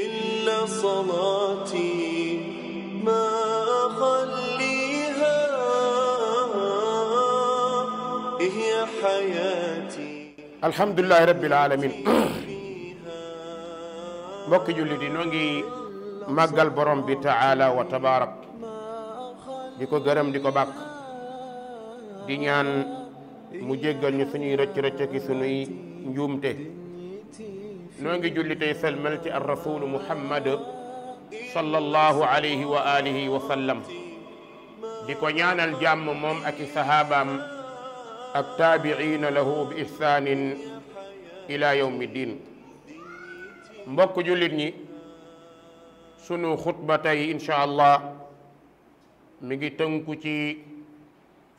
إلا صلاتي ما أخليها هي حياتي الحمد لله رب العالمين mbokk julli di noo ngi màggal borom bi taala wa tabaarak di ko gërëm di ko bàkk di ñaan mu jéggal ñu suñuy rëcc rëcc ki suñuy njuumte noo ngi julli tey selmal ci ar rasulu muhammad sallallahu alayhi wa alihi wa sallam di ko ñaanal jàmm moom ak i sahabaam ak taabiina lahu bi ihsanin ila yawmi din mbokk jullit ñi sunu xutba tey incha allah mi ngi tënku ci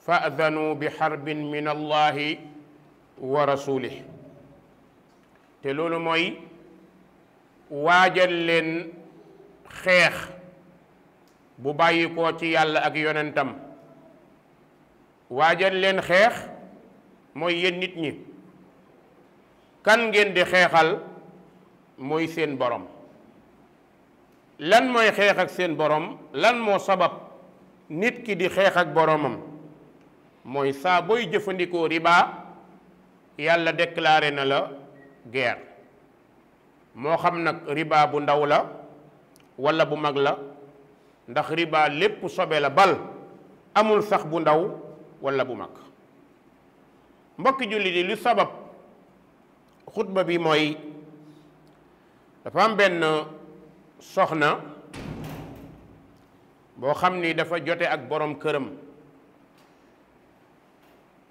faadanu bi xarbin min allahi wa rasulih te loolu mooy waajal leen xeex bu bàyyi ko ci yàlla ak yonentam waajal leen xeex mooy yéen nit ñi kan ngeen di xeexal mooy seen borom lan mooy xeex ak seen borom lan moo sabab nit ki di xeex ak boroomam mooy saa booy jëfandikoo riba yàlla déclaré na la guerre moo xam nag riba bu ndaw la walla bu mag la ndax riba lépp sobe la bal amul sax bu ndaw walla bu mag mbokki jullit yi lu sabab xutba bi mooy dafa am benn soxna boo xam ni dafa jote ak boroom këram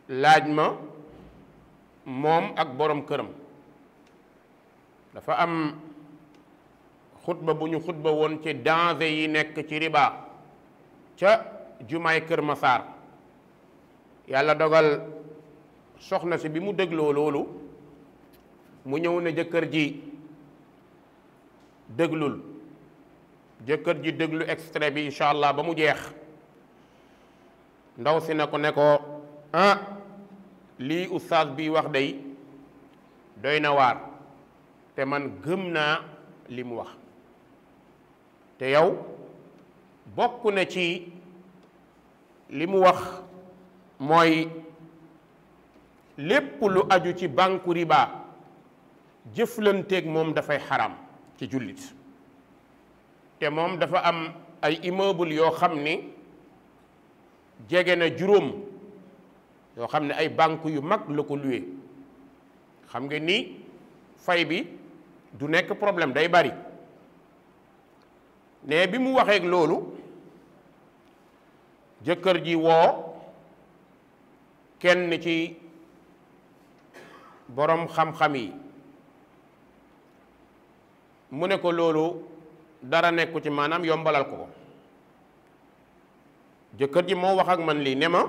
laaj ma moom ak boroom këram dafa am xutba bu ñu xutba woon ci danger yi nekk ci riba ca jumaay Kër Masaar yàlla dogal soxna si bi mu dégloo loolu mu ñëw ne jëkkër ji déglul jëkkër ji déglu extrait bi incha allah ba mu jeex ndaw si na ko ne ko ah lii oustaz bi wax day doy na waar te man gëm naa li mu wax te yow bokk na ci li mu wax mooy lépp lu aju ci banku riba jëflanteek moom dafay xaram ci jullit te moom dafa am ay immeuble yoo xam ni jege na juróom yoo xam ne ay banque yu mag la ko luwe xam nga ni fay bi du nekk problème day bari ne bi mu waxeek loolu jëkkër ji woo kenn ci boroom xam-xam yi mu ne ko loolu dara nekku ci maanaam yombalal ko ko jëkkër ji moo wax ak man lii ne ma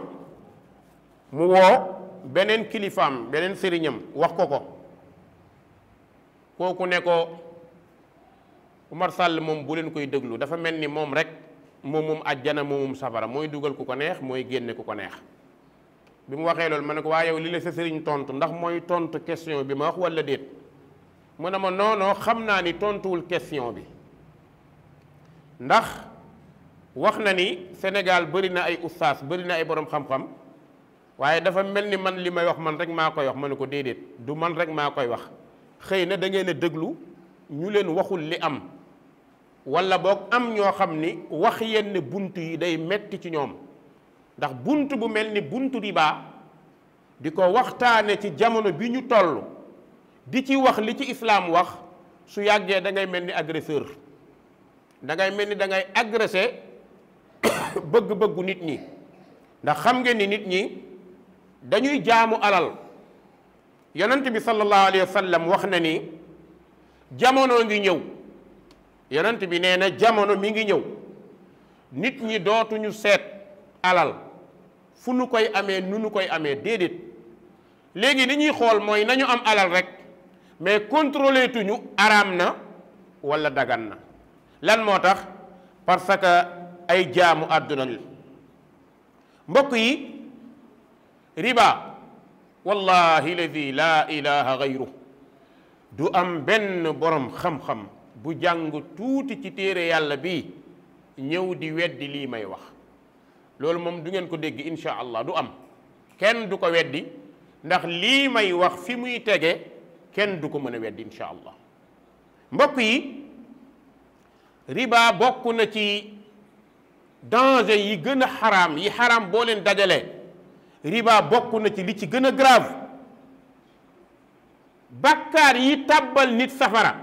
mu woo beneen kilifaam beneen sëriñam wax ko ko kooku ne ko Umar Sall moom bu leen koy déglu dafa mel ni moom rek moom moom ajjana moomum safara mooy dugal ku ko neex mooy génne ku ko neex bi mu waxee loolu ma ne ko waa yow li la sa sëriñ tontu ndax mooy tontu question bi ma wax walla déet mu ne ma noonoo xam naa ni tontuwul question bi ndax wax na ni Sénégal bari na ay ustaas bari na ay borom xam-xam waaye dafa mel ni man li may wax man rek maa koy wax ma ne ko déedéet du man rek maa koy wax xëy na dangeen ngeen déglu ñu leen waxul li am wala boog am ñoo xam ni wax yenn bunt yi day metti ci ñoom ndax bunt bu mel ni buntu riba di ko waxtaane ci jamono bi ñu toll di ci wax li ci islaam wax su yàggee dangay mel ni agresseur dangay mel ni dangay ngay agressé bëgg-bëggu nit ñi ndax xam ngeen ni nit ñi dañuy jaamu alal yonent bi sallallahu alayhi wa wax na ni jamono ngi ñëw yonent bi nee na jamono mi ngi ñëw nit ñi dootuñu seet alal fu nu koy amee nu nu koy amee déedéet léegi li ñuy xool mooy nañu am alal rek mais contrôlé tuñu araam na wala dagan na lan moo tax parce que ay jaamu àdduna li mbokk yi riba wallahi ladi laa ilaha gayru du am benn borom xam-xam bu jàng tuuti ci téere yàlla bi ñëw di weddi lii may wax loolu moom du ngeen ko dégg insha allah du am kenn du ko weddi ndax lii may wax fi muy tege kenn du ko mën a weddi insha allah mbokk yi riba bokk na ci danger yi gën a xaraam yi xaram boo leen dajalee riba bokk na ci li ci gën a grave bakkaar yi tàbbal nit safara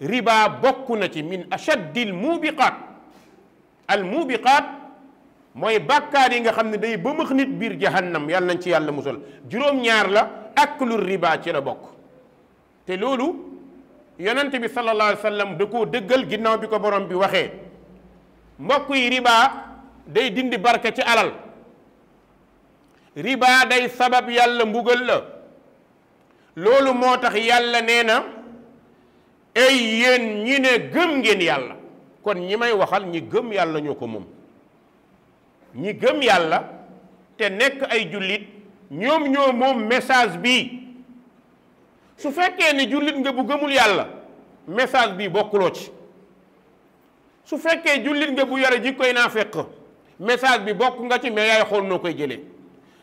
riba bokk na ci min achaddil muubiqaat al muubiqaat mooy bàkkaar yi nga xam ne day bëmëx nit biir jahannam yàlla nañ ci yàlla musal juróom-ñaar la aklu riba ci la bokk te loolu yonent bi sallallahu alayhi wa da koo dëggal ginnaaw bi ko borom bi waxee mbokk yi riba day dindi barke ci alal riba sabab yàlla mbugal la loolu moo tax yàlla nee na ay yéen ñi ne gëm ngeen yàlla kon ñi may waxal ñi gëm yàlla ñoo ko moom ñi gëm yàlla te nekk ay jullit ñoom ñoo moom message bi su fekkee ni jullit nga bu gëmul yàlla message bi bokkuloo ci su fekkee jullit nga bu yore jikkoy naa fekk message bi bokk nga ci mais yaay xool noo koy jëlee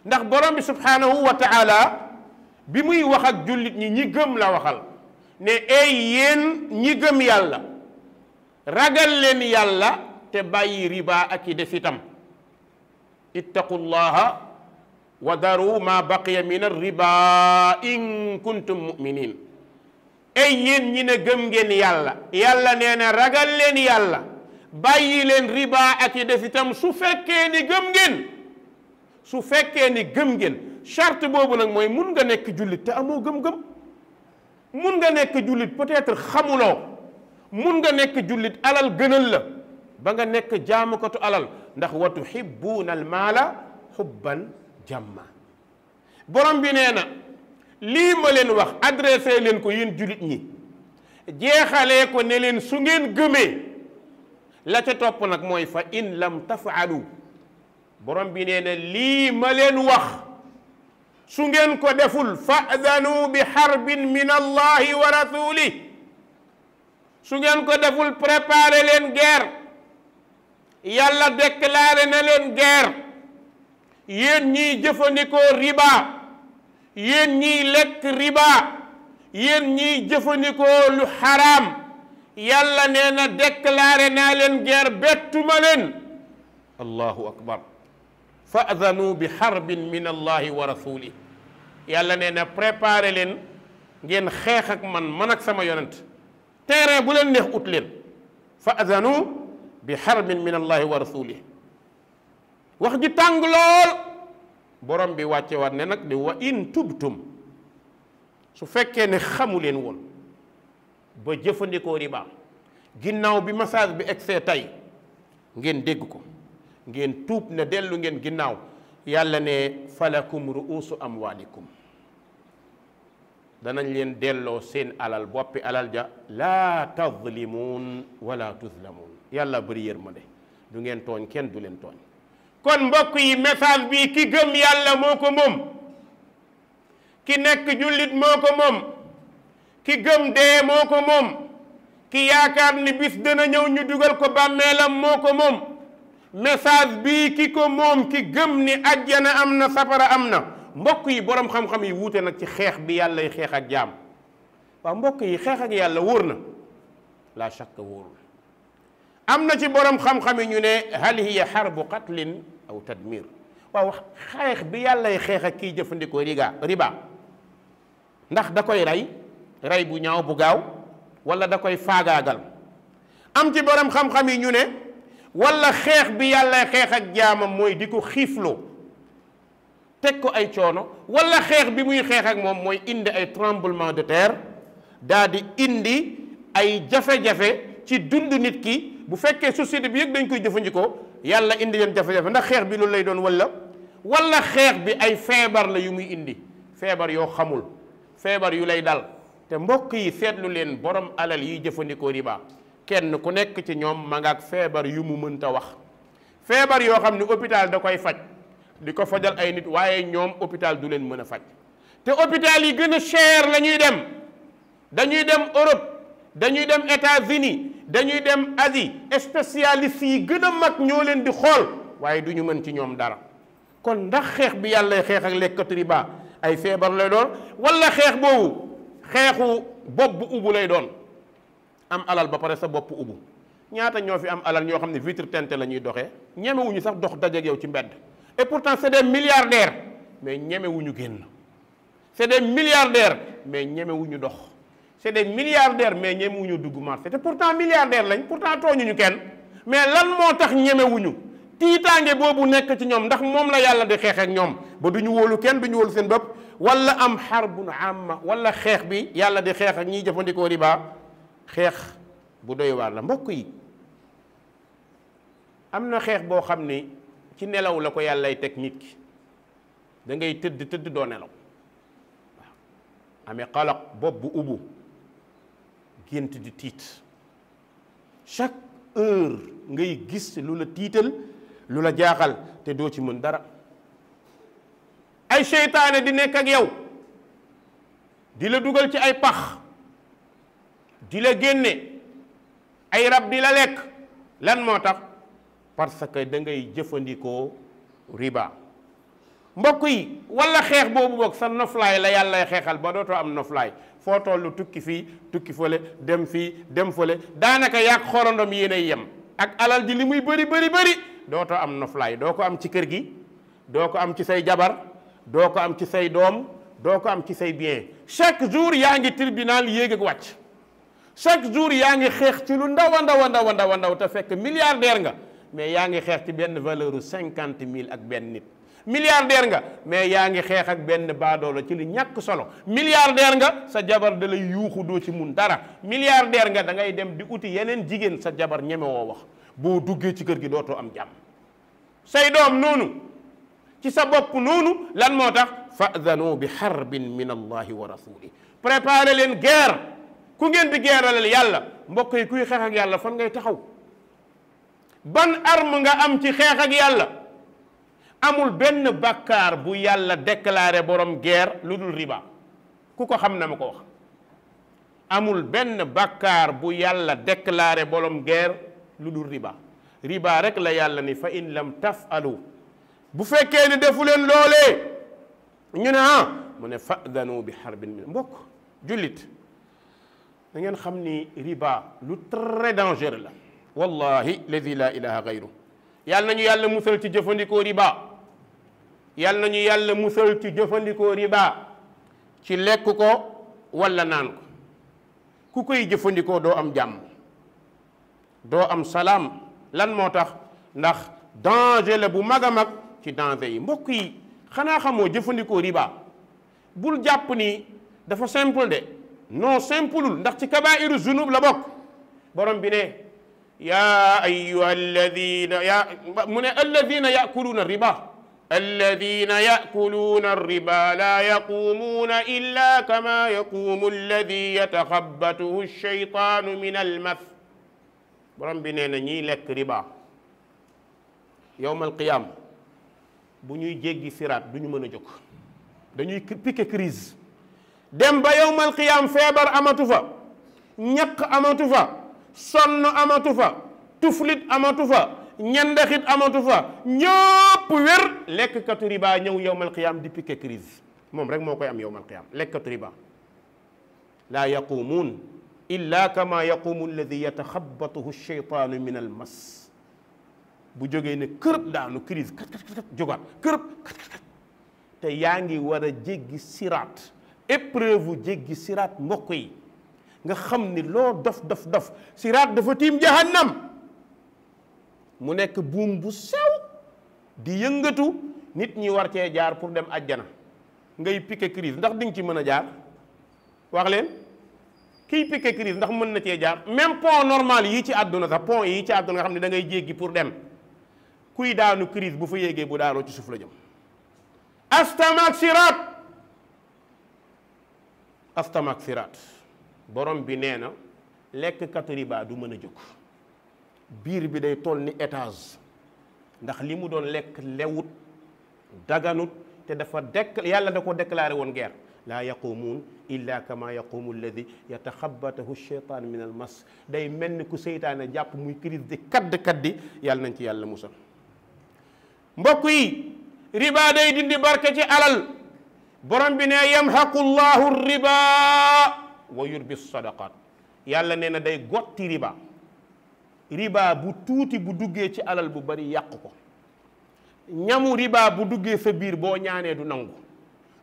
ndax borom bi subhanahu wa taala bi muy wax ak jullit ñi ñi gëm la waxal ne eey yéen ñi gëm yàlla ragal leen yàlla te bàyyi riba ak i def itam ittaqullaha wa daru ma baqiya min arriba in kuntum muminin ay yéen ñi ne gëm ngeen yàlla yàlla nee na ragal leen yàlla bàyyi leen riba ak i def itam su fekkee ni gëm ngeen su fekkee ni gëm gen charte boobu nag mooy mun nga nekk jullit te amoo gëm-gëm mun nga nekk jullit peut-être xamuloo mun nga nekk jullit alal gënal la ba nga nekk jaamukatu alal ndax wa tuhibbuuna al maala xubban jamma borom bi nee na lii ma leen wax adressé leen ko yéen jullit ñi jeexalee ko ne leen su ngeen gëmee la ca topp nag mooy fa in lam tafaalu borom bi nee lii ma leen wax su ngeen ko deful fa'danu bi xarbin min allahi wa rasulih su ngeen ko deful préparer leen guerre yàlla déclaré na leen guerre yéen ñiy jëfandikoo riba yéen ñiy lekk riba yéen ñiy jëfandikoo lu xaraam yàlla nee na déclaré naa leen guerre bettuma leen akbar fa adanu bi xarbin min allahi wa rasuli yàlla nee na préparé leen ngeen xeex ak man man ak sama yonent terrain bu leen neex ut leen fa adanu bi xarbin min allahi wa rasuli wax ji tàng lool borom bi wàcce waat ne nag di wa in tubtum su fekkee ne xamu leen woon ba jëfandikoo riba ginnaaw bi message bi egsee tey ngeen dégg ko ngeen tuub ne dellu ngeen ginnaaw yàlla ne falakum ruusu amwaalikum danañ leen delloo seen alal boppi alal ja laa tazlimuun wala tuzlamuun yàlla bëri yërmande du ngeen tooñ kenn du leen tooñ kon mbokk yi message bii ki gëm yàlla moo ko moom ki nekk jullit moo ko moom ki gëm dee moo ko moom ki yaakaar ni bis dana ñëw ñu dugal ko bàmmeelam moo ko moom message bi ki ko moom ki gëm ni ajjana am na safara am na mbokk yi boroom xam-xam yi wuute nag ci xeex bi yàlla xeex ak jaam waaw mbokk yi xeex ak yàlla wóor na la shakk wóorul am na ci boroom xam-xam yi ñu ne hal hiya bu qatlin aw tadmir waaw xeex bi yàllay xeex ak kiy jëfandikoo riga riba ndax da koy rey rey bu ñaaw bu gaaw wala da koy faagaagal am ci borom xam-xam yi ñu ne wala xeex bi yàlla xeex ak jaamam mooy di ko xiifloo teg ko ay coono wala xeex bi muy xeex ak moom mooy indi ay tremblement de terre daa di indi ay jafe-jafe ci dund nit ki bu fekkee société bi yëg dañ koy jëfandikoo yàlla indi leen jafe-jafe ndax xeex bi loolu lay doon wala walla xeex bi ay feebar la yu muy indi feebar yoo xamul feebar yu lay dal te mbokk yi seetlu leen borom alal yiy jëfandikoo riba kenn ku nekk ci ñoom ma ak feebar yu mu mënta wax feebar yoo xam ne hôpital da koy faj di ko fajal ay nit waaye ñoom hôpital du leen mën a faj te hôpital yi gën a cher la dem dañuy dem Europe dañuy dem États-Unis dañuy dem Asie spécialistes yi gën a mag ñoo leen di xool waaye du ñu mën ci ñoom dara kon ndax xeex bi yàlla xeex ak lekkatu riba ay feebar lay doon wala xeex boobu xeexu bopp bu ubbu lay doon am alal ba pare sa bopp ubu ñaata ñoo fi am alal ñoo xam ne vitre teintée la ñuy doxee ñemewuñu sax dox dajeeg yow ci mbedd et pourtant c'est des milliardaires mais ñemewuñu génn c'est des milliardaires mais ñemewuñu dox c'est des milliardaires mais ñemewuñu dugg marché te pourtant milliardaires lañ pourtant tooñuñu kenn mais lan moo tax ñemewuñu tiitaange boobu nekk ci ñoom ndax moom la yàlla di xeex ak ñoom ba du ñu wóolu kenn du ñu wóolu seen bopp wala am xarbun amma wala xeex bi yàlla di xeex ak ñiy jëfandikoo riba xeex bu doy waar la mbokk yi am na xeex boo xam ni ci nelaw la ko yàllay teg nit ki da ngay tëdd tëdd doo nelaw waaw amee xalaq bopp bu ubbu gént di tiit chaque heure ngay gis lu la tiital lu la jaaxal te doo ci mën dara ay seytaane di nekk ak yow di la dugal ci ay pax di la génne ay rab di la lekk lan moo tax parce que da ngay jëfandikoo riba mbokk yi wala xeex boobu boog sa noflaay la yàllay xeexal ba dootoo am noflaay foo tollu tukki fii tukki fële dem fii dem fële daanaka yàq xorondom yéenay yem ak alal ji li muy bari bëri bëri dootoo am noflaay doo ko am ci kër gi doo ko am ci say jabar doo ko am ci say doom doo ko am ci say bien chaque jour yaa ngi tribunal yéeg ak wàcc chaque jour yaa ngi xeex ci lu ndaw ndawa ndawa a ndaw a ndaw a ndaw te fekk milliardaire nga mais yaa ngi xeex ci valeur cinquante mille ak benn nit milliardaire nga mais yaa ngi xeex ak benn baadoolo ci lu ñàkk solo milliardaire nga sa jabar da lay yuuxu doo ci mun dara milliardaire nga da ngay dem di uti yeneen jigéen sa jabar ñemewoo wax boo duggee ci kër gi dootoo am jàmm say doom noonu ci sa bopp noonu lan moo tax fa'danu bi harbin min allahi wa rasuli préparé leen guerre ku ngeen di geeralal yàlla mbokk yi kuy xeex yàlla fan ngay taxaw ban arme nga am ci xeex ak yàlla amul benn bàkkaar bu yàlla déclaré borom guerre lu dul riba ku ko xam na ko amul benn bàkkaar bu yàlla déclaré borom guerre lu dul riba riba rek la yàlla ni fa in lam tafalu bu fekkee ne defu leen loole ñu ne ah mu ne fadanu bi xarbin min mbokk jullit da ngeen xam ni riba lu très dangereux la wallahi ladi la ilaha gayru yàlla nañu yàlla musal ci jëfandikoo riba yàlla nañu yàlla musal ci jëfandikoo riba ci lekk ko walla naan ko ku koy jëfandikoo doo am jàmm doo am salaam lan moo tax ndax danger la bu mag a mag ci danger yi mbokk yi xanaa xamoo jëfandikoo riba bul jàpp ni dafa simple de non simpleul ndax ci kabairu zunub la bokk borom bi ne ya ayuha alladina ya mu ne alladina yakuluuna riba الذين يأكلون الربا لا يقومون إلا كما يقوم الذي يتخبطه الشيطان من المس borom bi nee na ñiy lekk riba yowmal qiyaam bu ñuy jéggi siraat du ñu mën a jóg dañuy piqué crise dem ba yowmal qiyaam feebar amatu fa ñaq amatufa fa sonn amatu tuflit amatu fa ñendaxit amatu fa ñëpp wér lekkkatu riba ñëw yowmal qiyaam di piqué crise moom rek moo koy am yowmal qiyaam lekkkatu riba laa yaquumuun illa kama yaquumu alladi yataxabatuhu sheytaanu min al mas bu jógee ne kërëb daanu crise kat kat kat kërëb kat kat te yaa ngi war a jéggi siraat épreuve jéggi siraat mbokk yi nga xam ni loo dof dof dof siraat dafa tiim jahannam mu nekk buum bu sew di yëngatu nit ñi war cee jaar pour dem ajjana ngay piqué crise ndax di nga ci mën a jaar wax leen kiy piqué crise ndax mën na cee jaar même pont normal yi ci àdduna sax pont yi ci àdduna nga xam ne dangay ngay jéggi pour dem kuy daanu crise bu fa yéegee bu daanoo ci suuf la jëm astamaak siraat astamak siraat borom bi nee na lekkkatu riba du mën a jóg biir bi day toll ni étage ndax li mu doon lekk lewut daganut te dafa dekk yàlla da ko déclaré woon guerre laa yaqumuun illa kama yaqumu alladi yataxabatahu cheytaan min al mas day mel ni ku seytaane jàpp muy crise di kadd kaddi yàlla nañ ci yàlla musal mbokk yi riba day dindi barke ci alal borom bi ne yamhaqu llahu riba wa yurbi sadaqat yàlla nee na day gotti riba riba bu tuuti bu duggee ci alal bu bari yàq ko ñamu riba bu duggee sa biir boo ñaanee du nangu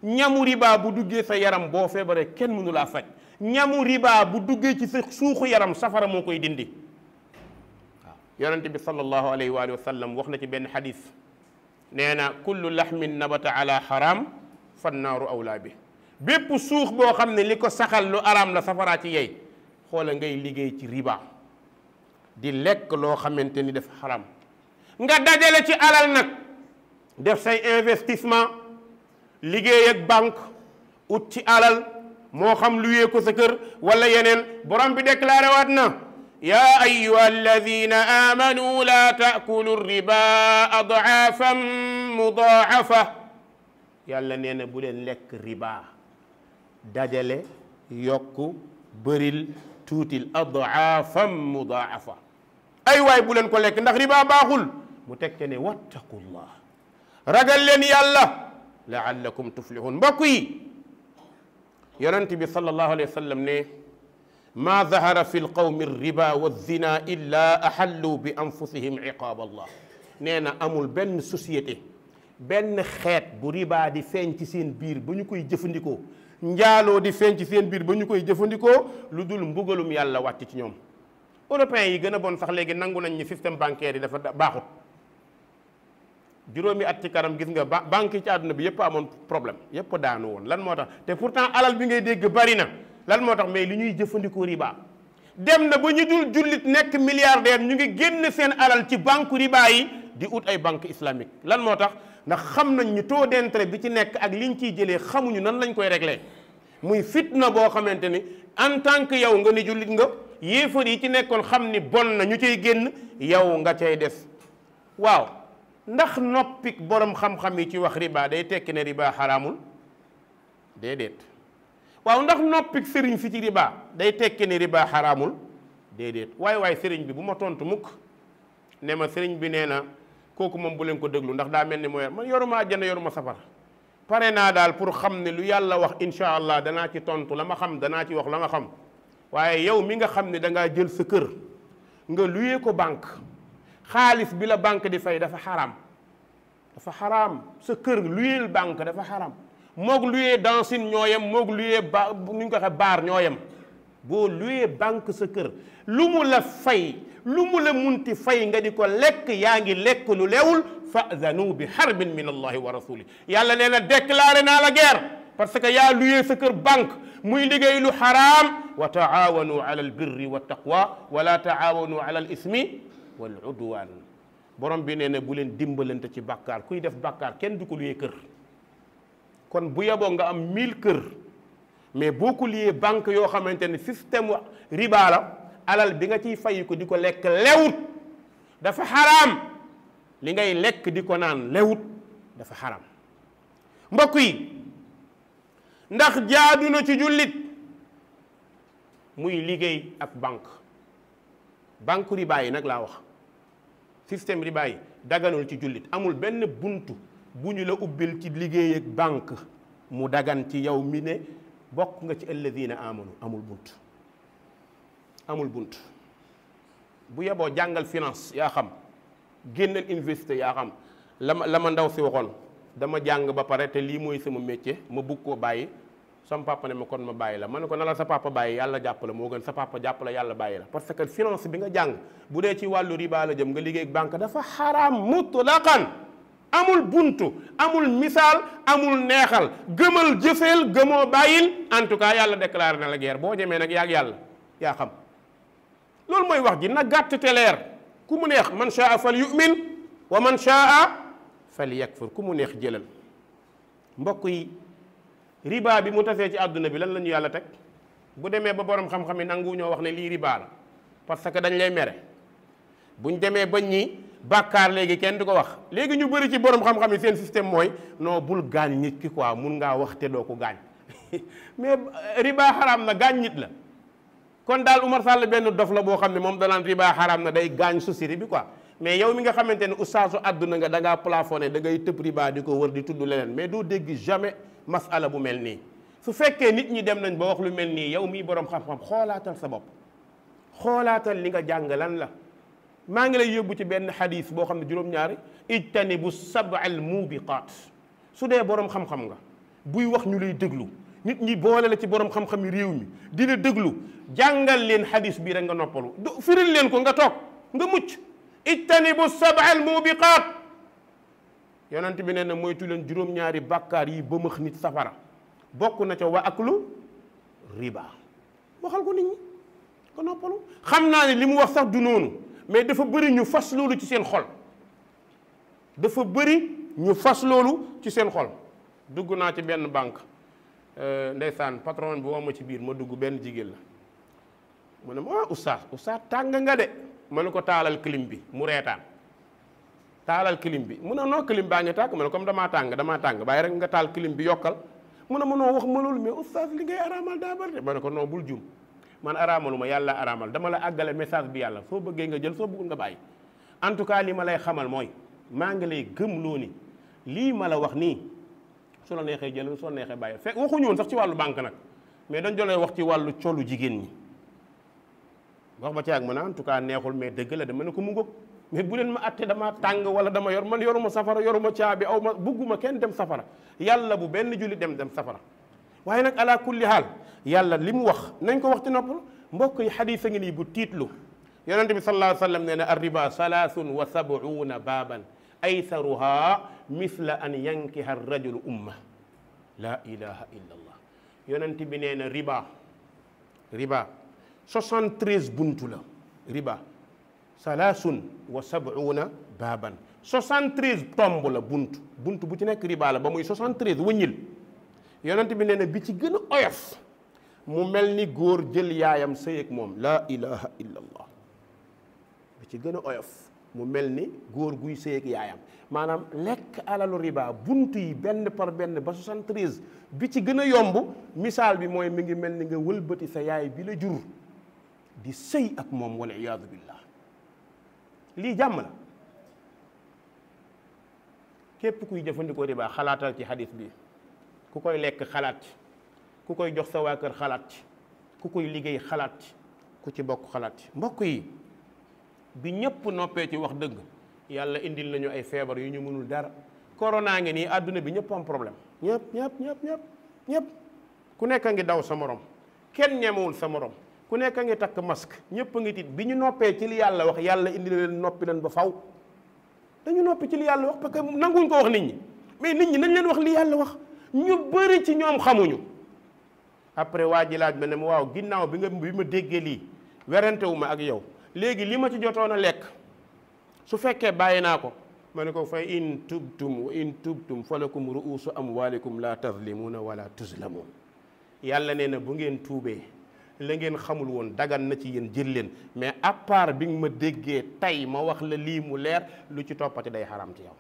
ñamu riba bu duggee sa yaram boo feebaree kenn mënu laa faj ñamu riba bu duggee ci sa suuxu yaram safara moo koy dindi waaw yonent bi sallallahu alayhi wa wax na ci benn xadis nee na kullu laxmin nabata ala haram fannaaru awlaa bi bépp suux boo xam ne li ko saxal lu araam la safaraa yey xoola ngay liggéey ci riba di lekk loo xamante ni def xaram nga dajale ci alal nag def say investissement liggéey ak banque ut ci alal moo xam lu yee ko sa wala yeneen borom bi déclaré waat na yaa ayuha alladina amanu la taakulu riba adaafan mudaafa yàlla nee na bu leen lekk riba dajale yokk bëril tuutil adaafam mudaafa ay waay bu leen ko lekk ndax riba baaxul mu tegte ne wattaqullah ragal leen yàlla laallakum tuflihun mbokk yi yonent bi sallallahu alayhi wa sallam ne maa zahara fi lqawmi riba wa zina illa axallu bi anfusihim iqaab allah nee na amul benn société benn xeet bu ribaa di feeñ ci seen biir ba ñu koy jëfandikoo njaaloo di feeñ ci seen biir ba ñu koy jëfandikoo lu dul mbugalum yàlla wàcc ci ñoom européens yi gën a bon sax léegi nangu nañ ni système bancaire yi dafa baaxut juróomi at ci kanam gis nga banque yi ci àdduna bi yëpp amoon problème yëpp daanu woon lan moo tax te pourtant alal bi ngay dégg bari na lan moo tax mais li ñuy jëfandikoo riba dem na ba ñu dul jullit nekk milliardaire ñu ngi génn seen alal ci banque riba yi di ut ay banque islamique lan moo tax ndax xam nañ ñu taux d'intérêt bi ci nekk ak liñ ciy jëlee xamuñu nan lañ koy réglé muy na boo xamante ni en tant que yow nga ni jullit nga yéefar yi ci nekkoon xam ni bon na ñu cay génn yow nga cay des waaw ndax noppik borom xam-xam yi ci wax riba day tekki ne riba xaraamul déedéet waaw ndax noppik sëriñ fi ci riba day tekki ne riba xaraamul déedéet waaye waaye sëriñ bi bu ma tontu mukk ne ma sëriñ bi nee na kooku moom bu leen ko déglu ndax daa mel ni mooy man yoruma àjjana yoruma safar pare naa daal pour xam ne lu yàlla wax incha allah danaa ci tontu la ma xam danaa ci wax la ma xam waaye yow mi nga xam ne dangaa jël sa kër nga luyee ko banque xaalis bi la banque di fay dafa xaraam dafa xaraam sa kër luyeel banque dafa xaraam moog luyee dancine ñoo yem moog luyee ba nu ñu ko waxee baar ñoo yem boo luyee banque sa kër lu mu la fay lu mu la munti fay nga di ko lekk yaa ngi lekk lu leewul fa'zanu bi harbin min allahi wa rasuli yàlla nee na déclaré naa la guerre parce que yaa luyee sa kër banque muy liggéey lu xaraam wa taawanu ala albirri wa taqwa wala taawanu ala al ismi wal udwan borom bi nee na bu leen dimbalante ci bàkkaar kuy def bàkkaar kenn du ko luyee kër kon bu yeboo nga am mille kër mais boo ko liyee banque yoo xamante ne système riba la alal bi nga ciy fay ko di ko lekk lewut dafa xaraam li ngay lekk di ko naan lewut dafa xaram mbokk yi ndax jaadu na ci jullit muy liggéey ak banque banque riba yi nag laa wax système riba yi daganul ci jullit amul benn bunt bu ñu la ubbil ci liggéey ak banque mu dagan ci yow mi ne bokk nga ci alladina amanu amul bunt amul bunt bu yeboo jàngal finance yaa xam génnal investir yaa xam la ma la ma ndaw si waxoon dama jàng ba pare te lii mooy sama métier ma bugg koo bàyyi sama papa ne ma kon ma bàyyi la ma ne ko na la sa papa bàyyi yàlla jàpp la moo gën sa papa jàpp la yàlla bàyyi la parce que finance bi nga jàng bu dee ci wàllu riba la jëm nga liggéey ak banque dafa xaraam mutlaqan amul buntu amul misaal amul neexal gëmal jëfeel gëmoo bàyyil en tout cas yàlla déclaré na la guerre boo ñemee nag yaa yàlla yaa xam loolu mooy wax ji na gàtt te leer ku mu neex man shaa fal yu'min wa man shaa fal yakfur ku mu neex jëlal mbokk yi riba bi mu tasee ci àdduna bi lan la ñu yàlla teg bu demee ba boroom xam-xam yi nangu wax ne lii riba la parce que dañ lay mere buñ demee ba ñi bàkkaar léegi kenn du ko wax léegi ñu bëri ci borom xam-xam yi seen système mooy non bul gaañ nit ki quoi mun ngaa wax te doo ko gaañ mais euh, riba xaraam na gaañ nit la kon daal Oumar Sall benn dof la boo xam ne moom danaan riba xaraam na day gaañ société bi quoi mais yow mi nga xamante ne ustaasu àdduna nga da ngaa plafonné da ngay tëb riba di ko wër di tudd leneen mais doo dégg jamais masala bu mel nii su fekkee nit ñi dem nañ ba wax lu mel nii yow mii borom xam xoolaatal sa bopp xoolaatal li nga jàng lan la maa ngi lay yóbbu ci benn xadis boo xam ne juróom-ñaari ijtanibu sab'al muubiqaat su dee boroom xam-xam nga buy wax ñu lay déglu nit ñi boole la ci boroom xam-xam yi réew mi di la déglu jàngal leen xadis bii rek nga noppalu du firil leen ko nga toog nga mucc ijtanibu sab'al muubiqaat yonent bi nee na moytu leen juróom-ñaari bàkkaar yi ba max nit safara bokk na ca wa aklu riba waxal ko nit ñi nga noppalu xam naa ne li mu wax sax du noonu mais dafa bari ñu fas loolu ci seen xol dafa bëri ñu fas loolu ci seen xol dugg naa ci benn banque euh, ndeysaan patron bi woo ma ci biir ma dugg benn jigéen la mu ne ma ah oustaz oustaz tàng nga de ma ne ko taalal kilim bi mu reetaan taalal clim bi mu ne non clim baa ngi tàkk ma ne comme damaa tàng damaa tàng bàyyi rek nga taal clim bi yokkal mu ne ma noo wax ma loolu mais oustaz li ngay araamal daa bari de ma ne ko non bul jum man araamaluma yàlla araamal dama la àggale message bi yàlla soo bëggee nga jël soo bëggul nga bàyyi en tout cas li ma lay xamal mooy maa ngi lay gëm loo ni lii ma la wax nii su la neexee jël su la neexee bàyyi fekk waxuñu woon sax ci wàllu banque nag mais dañ doon wax ci wàllu colu jigéen ñi wax ba ci ak mu ne en tout cas neexul mais dëgg la ma ne ko mu ngóog mais bu leen ma atte dama tàng wala dama yor man yoruma safara yoruma caabi aw ma bugguma kenn dem safara yàlla bu benn julli dem dem safara waaye nag ala kulli haal yàlla li mu wax nañ ko wax ci noppal mbokk yi xadiis a ngi nii bu tiitlu yonente bi sallallahu alayhi wa sallam nee na arriba salaasun wa sabuuna baaban aysaruha misla an yankiha rajulu umma la ilaha illa allah yonente bi nee na riba riba 73 buntu la riba salaasun wa sabuuna baaban 73 tomb la buntu buntu bu ci nekk riba la ba muy 73 wëññil yonent bi nee na bi ci gën a oyof mu mel ni góor jël yaayam sëy ak moom laa ilaha illallah bi ci gën a oyof mu mel ni góor guy sëy ak yaayam maanaam lekk alalu riba bunt yi benn par benn ba 73 bi ci gën a yomb misaal bi mooy mi ngi mel ni nga wëlbati sa yaay bi la jur di sëy ak moom wala iyaadu billah lii jàmm la képp kuy jëfandikoo riba xalaatal ci hadith bi ku koy lekk xalaat ci ku koy jox sa waa kër xalaat ci ku koy liggéey xalaat ci ku ci bokk xalaat ci mbokk yi bi ñëpp noppee ci wax dëgg yàlla indil nañu ay feebar yu ñu mënul dara corona ngi nii àdduna bi ñëpp am problème ñëpp ñëpp ñëpp ñëpp ku nekk ngi daw sa morom kenn ñemewul sa morom ku nekk a ngi takk masque ñëpp a ngi tiit bi ñu noppee ci li yàlla wax yàlla indi leen noppi leen ba faw dañu noppi ci li yàlla wax parce que nanguñ ko wax nit ñi mais nit ñi nañ leen wax li yàlla wax ñu bëri ci ñoom xamuñu après waa ji laaj ma ne ma waaw ginnaaw bi nga bi ma déggee lii werante wu ma ak yow léegi li ma ci jotoon a lekk su fekkee bàyyi naa ko ma ne ko fa in tubtum wa in tubtum falakum ruusu amwaalikum laa tazlimuuna wala tuzlamuun yàlla nee na bu ngeen tuubee la ngeen xamul woon dagan na ci yéen jël leen mais à part bi nga ma déggee tey ma wax la lii mu leer lu ci toppati day xaram ci yow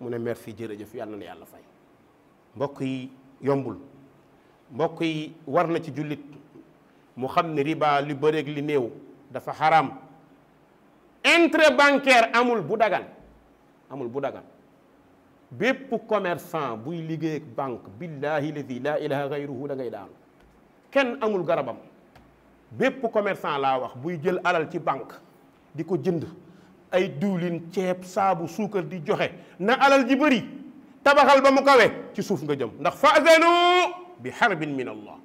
mu ne merci jërëjëf yàlla na yàlla fay mbokk yi yombul mbokk yi war na ci jullit mu xam ne riba li bareek li néew dafa xaraam intérêt bancaire amul bu dagan amul bu dagan bépp commerçant buy liggéey ak banque billahi lazi la ilaha gayruhu da ngay daanu kenn amul garabam bépp commerçant laa wax buy jël alal ci banque di ko jënd ay diwlin ceeb saabu suukar di joxe na alal ji bëri tabaxal ba mu kawe ci suuf nga jëm ndax fa faazanu bi xarbin min allah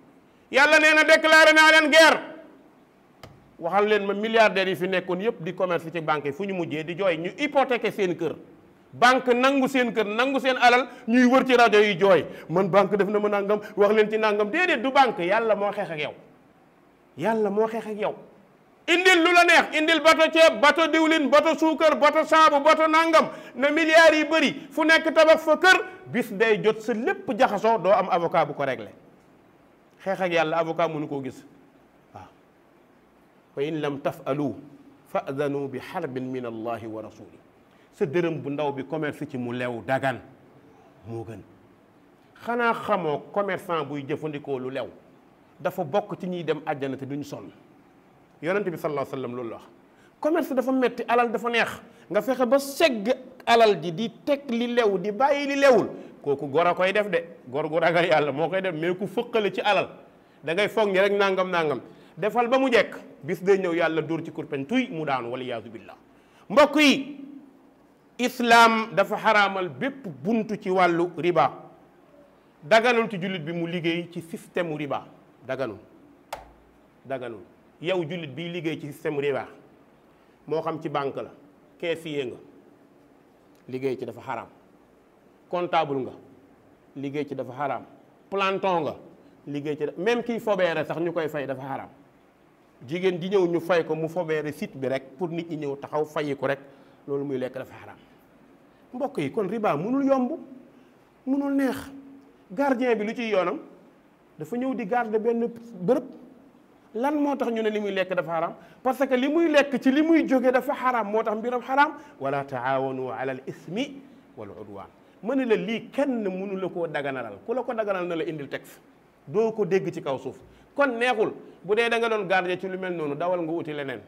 yàlla nee na déclaré naa leen guerre waxal leen ma milliardaires yi fi nekkoon yépp di commerce fi ci banque yi fu ñu mujjee di jooy ñu hypothéquer seen kër banque nangu seen kër nangu seen alal ñuy wër ci rajo yi jooy man banque def na ma nangam wax leen ci nàngam nangam déedéet du banque yàlla moo xeex ak yow yàlla moo xeex ak yow indil lu la neex indil bato ceeb bato diwlin bato suukar bato saabu bato nangam na milliards yi bëri fu nekk tabax fa kër bis day jot sa lépp jaxasoo doo am avocat bu ko réglé xeex yàlla avocat mënu koo gis waaw fa in lam tafalu faadanu bi xarbin min allahi wa rasuli sa dërëm bu ndaw bi commerce ci mu lew dagan moo gën xanaa xamoo commerçant buy jëfandikoo lu lew dafa bokk ci ñuy dem àjjana te duñ sonn yonent bi sallallahu alayhi wa loolu la wax dafa metti alal dafa neex nga fexe ba segg alal ji di teg li lew di bàyyi li lewul kooku gor a koy def de gor gu ragal yàlla moo koy def mais ku fëqale ci alal dangay foog ni rek nàngam nàngam defal ba mu jekk bis day ñëw yàlla dóor ci kurpeñ tuy mu daanu waliyaasu billah mbokk yi islaam dafa xaraamal bépp bunt ci wàllu riba daganul ci jullit bi mu liggéey ci système riba daganul daganul yow jullit bi liggéey ci système riba moo xam ci banque la caissier nga liggéey ci dafa xaraam comptable nga liggéey ci dafa xaraam planton nga liggéey ci même kiy fobeere sax ñu koy fay dafa xaraam jigéen di ñëw ñu fay ko mu fobeere sit bi rek pour nit ñi ñëw taxaw fayi ko rek loolu muy lekk dafa xaraam mbokk yi kon riba mënul yomb mënul neex gardien bi lu ciy yoonam dafa ñëw di garder benn bërëb lan moo tax ñu ne li muy lekk dafa xaraam parce que li muy lekk ci li muy jóge dafa xaraam moo tax mbiram xaraam wala taawanu ala al ismi wal udwan ma ne la lii kenn mënu la koo daganalal ku la ko daganal na la indil texte doo ko dégg ci kaw suuf kon neexul bu dee da nga doon garder ci lu mel noonu dawal nga uti leneen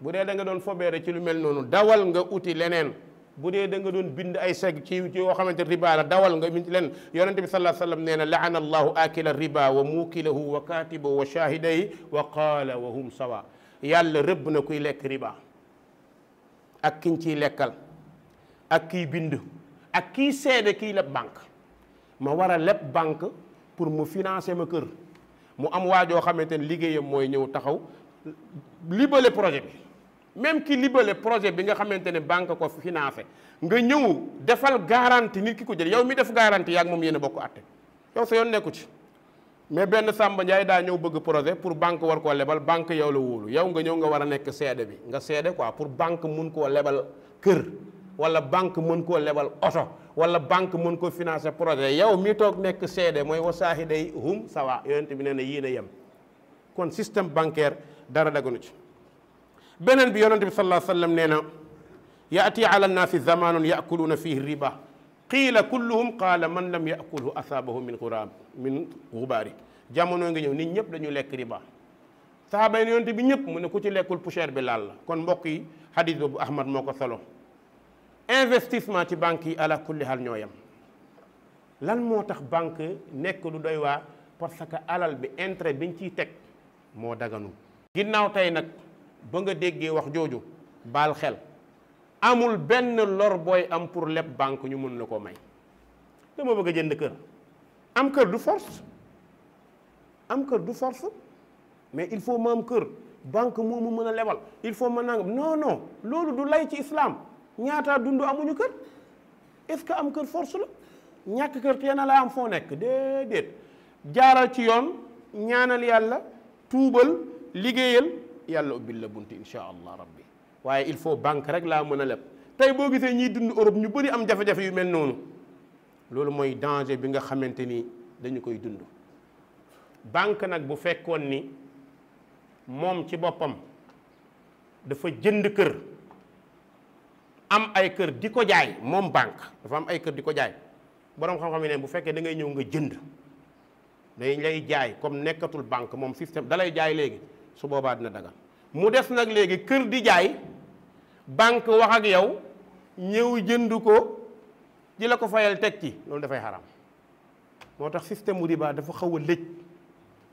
bu dee da nga doon fobeere ci lu mel noonu dawal nga uti leneen bu dee da nga doon bind ay chèque ci ci yoo xamante riba la dawal nga bind leen yonente bi sallallahu alayhi wa sallam nee na laana allahu akila riba wa muukilahu wa kaatibahu wa shaahidayi wa qaala wa hum sawa yàlla rëbb na kuy lekk riba ak kiñ ciy lekkal ak kiy bind ak kiy seede kiy leb banque ma war a leb banque pour mu financer ma kër mu am waajoo xamante ne liggéeyam mooy ñëw taxaw libale projet bi même ki libale projet bi nga xamante ne banque ko financé nga ñëw defal garantie nit ki ko jël yow mi def garantie yaa ngi moom yéen a bokk àtte yow sa yoon nekku ci mais benn Samba Ndiaye daa ñëw bëgg projet pour banque war koo lebal banque yow la wóolu yow nga ñëw nga war a nekk seede bi nga seede ko pour banque mun koo lebal kër wala banque mën koo lebal oso wala banque mën koo financé projet yow mi toog nekk seede mooy wasaahi day hum sawa yonent bi nee na yéen a yem kon système bancaire dara daganu ci beneen bi yonent bi sallallahu alayhi wa nee na yaati ala nnaasi zamanun yakuluuna fihi riba qiila kulluhum qaala man lam yakulhu asaabahu min xuraab min xubaari jamono ngi ñëw nit ñëpp dañu lekk riba sahaaba yi yonent bi ñëpp mu ne ku ci lekkul poussière bi laal la kon yi hadis boobu Ahmad moo ko solo investissement ci banque yi ala kulli hal ñoo yem lan moo tax banque nekk doy waa parce que alal bi intérêt biñ ciy teg moo daganul ginnaaw tey nag ba nga déggee wax jooju baal xel amul benn lor booy am pour leb banque ñu mun la koo may dama bëgg a jënd kër am kër du force am kër du force mais il faut ma am kër banque moomu mën a lebal il faut ma nangam non non loolu du lay ci islam ñaata dund amuñu kër est-ce que am kër force la ñàkk kër te na lay am foo nekk déedéet jaaral ci yoon ñaanal yàlla tuubal liggéeyal yàlla ubbil la bunt insha allah rabbi waaye il faut banque rek laa mën a leb tey boo gisee ñiy dund Europe ñu bëri am jafe-jafe yu mel noonu loolu mooy danger bi nga xamante ni dañu koy dund banque nag bu fekkoon ni moom ci boppam dafa jënd kër am ay kër di ko jaay moom banque dafa am ay kër di ko jaay boroom xam-xam yi ne bu fekkee da ngay ñëw nga jënd day lay jaay comme nekkatul banque moom système da lay jaay léegi su boobaa dina dagal mu des nag léegi kër di jaay banque wax ak yow ñëw jënd ko ji la ko fayal teg ci loolu dafay xaram moo tax système mu riba dafa xaw a lëj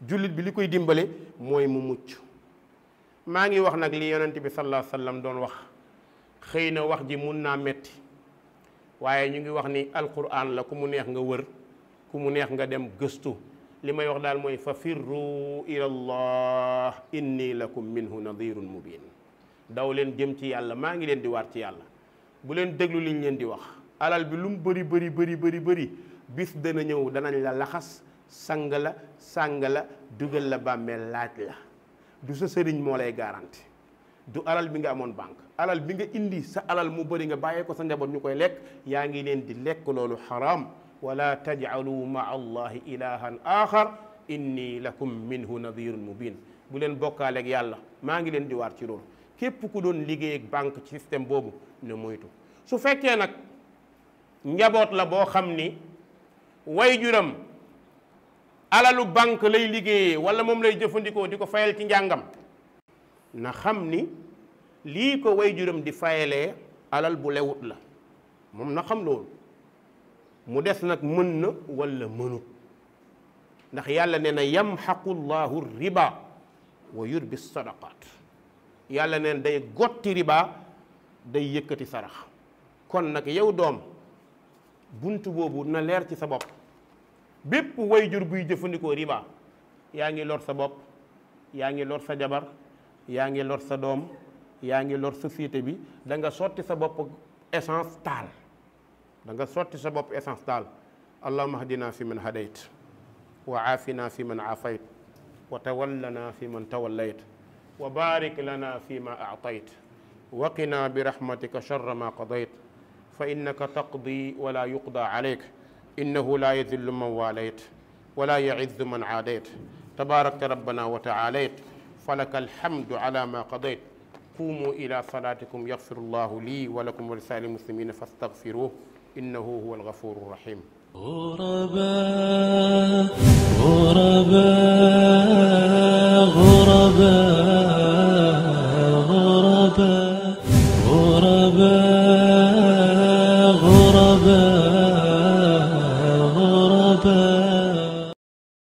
jullit bi li koy dimbale mooy mu mucc maa ngi wax nag li yonent bi sallallahu alayhi wasallam doon wax xëy na wax ji mun naa metti waaye ñu ngi wax ni alquran la ku mu neex nga wër ku mu neex nga dem gëstu li may wax daal mooy fa firru ila allah inni lakum minhu nadirun mubin daw leen jëm ci yàlla maa ngi leen di waat ci yàlla bu leen déglu liñ leen di wax alal bi lu mu bari bari bari bari bis dana ñëw danañ la laxas sang la sàng la dugal la bàmmeel laaj la du sa sëriñ moo lay garanti du alal bi nga amoon banque alal bi nga indi sa alal mu bari nga bàyyee ko sa njaboot ñu koy lekk yaa ngi leen di lekk loolu xaraam wala tajcalu maa allahi ilahan axar inni lakum minhu nadirun mubin bu leen bokkaaleeg yàlla maa ngi leen di waar ci loolu képp ku doon liggéey ak banque ci système boobu ne moytu su fekkee nag njaboot la boo xam ni waajuram alalu banque lay liggéeyee wala moom lay jëfandikoo di ko fayal ci njàngam na xam ni lii ko juram di fayalee alal bu lewut la moom na xam loolu mu des nag mën na walla mënut ndax yàlla ne na yamxaqu llahu riba wa yurbi sadaqaat yàlla ne na day gotti riba day yëkkati sarax kon nag yow doom bunt boobu na leer ci sa bopp bépp jur buy jëfandikoo riba yaa ngi lor sa bopp yaa ngi lor sa jabar yaa ngi lor sa doom yaa ngi lor société bi da nga sotti sa bopp essence taal da nga sotti sa bopp essence daal allahuma ahdina fi man hadayt wa aafina fi man aafayt wa tawallana fi man tawallayt wa barik lana fi ma aatayt wa qina bi rahmatika charra ma qadayt fa innaka taqdi wala yuqda alayk innahu la yadillu man walayt wala yaizzu man aadayt tabarakta rabbana wa taalayt falaka alhamdu ala ma qadayt قوموا إلى صلاتكم يغفر الله لي ولكم ولسائر المسلمين فاستغفروه innahu huwa alghafuru rahim